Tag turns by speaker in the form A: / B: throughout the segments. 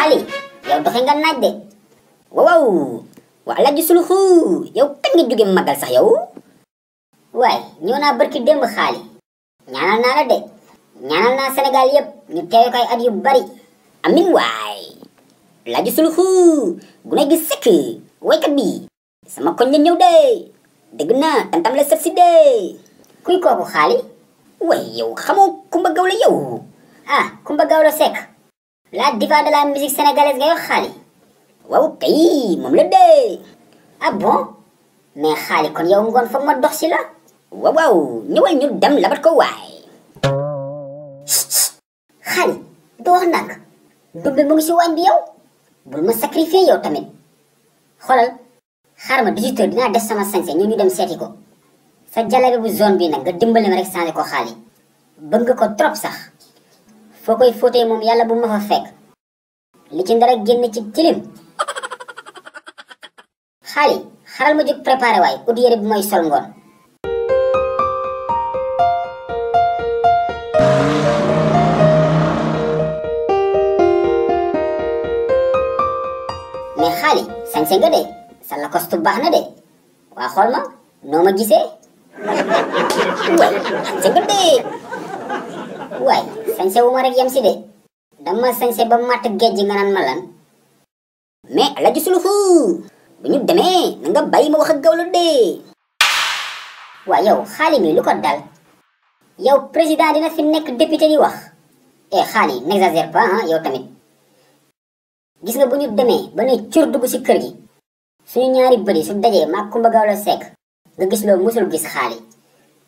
A: xale yow doxe nga naaj de waaw waaw alaaji suluxu yow kañ nga jóge magal sax yow waaye ñëw naa barki démb xaali ñaanal naa la de ñaanal naa Sénégal yépp ñu teewe koy at yu bari amin waay alaaji suluxu gune gi sikk waykat bi sama koñ la ñëw de dégg naa tantam la sët de kuy kooku xaali way yow xamoo kumba gaw la yow ah, kumba gaw la sekk la diva de la musique sénégalaise ngay wax Xaali waaw kay moom la dee ah bon mais Xaali kon yow ngoon foog ma dox si la waaw waaw ñëwal ñu dem labat ko waay Xaali doo nag dubbe mu ngi si waañ bi yow bul ma sacrifier yow tamit xoolal xaaral ma 18 heures des sama sañse ñu ñu dem seeti ko sa jalabe bu zone bi nag nga dimbali ma rek changé ko Xaali bëgg nga ko trop sax foo koy fóotee moom yàlla bu ma fa li ci ndara génn ci tilim xaali xaral ma jóg préparé waay ut yére bu may sol ngoon mais xaali sañse nga de sa lacoste baax na de waa xool ma noo ma gisee sañse wu ma rek yem si de dama sañse ba matt géej gi nga naan ma lan mais ala ju bu ñu demee na nga ma wax ak gawlo de waa yow xaali bi lu ko dal yow président dina fi nekk député di wax eh xaali n'exagère pas ah yow tamit gis nga bu ñu demee ba ne cur dugg si kër gi suñu ñaari bëri su dajee maa kumba gawlo sekk nga gis loo musul gis xaali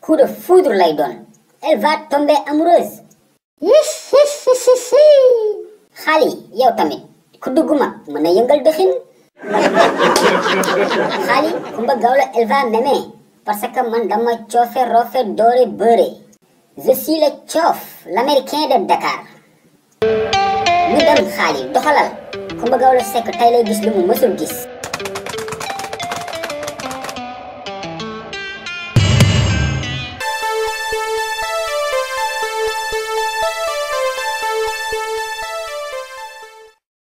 A: coup de lay doon elle va tomber amoureuse xaal yi yow tamit ku dugg mag mën a yëngal dëxin xaal yi Kumba Gawlo elle va m'aimer parce que man dama coofe rofe doore bëre je suis le coof l'américain de Dakar ñu dem xaal doxalal Kumba Gawlo Seck tey lay mu mësul gis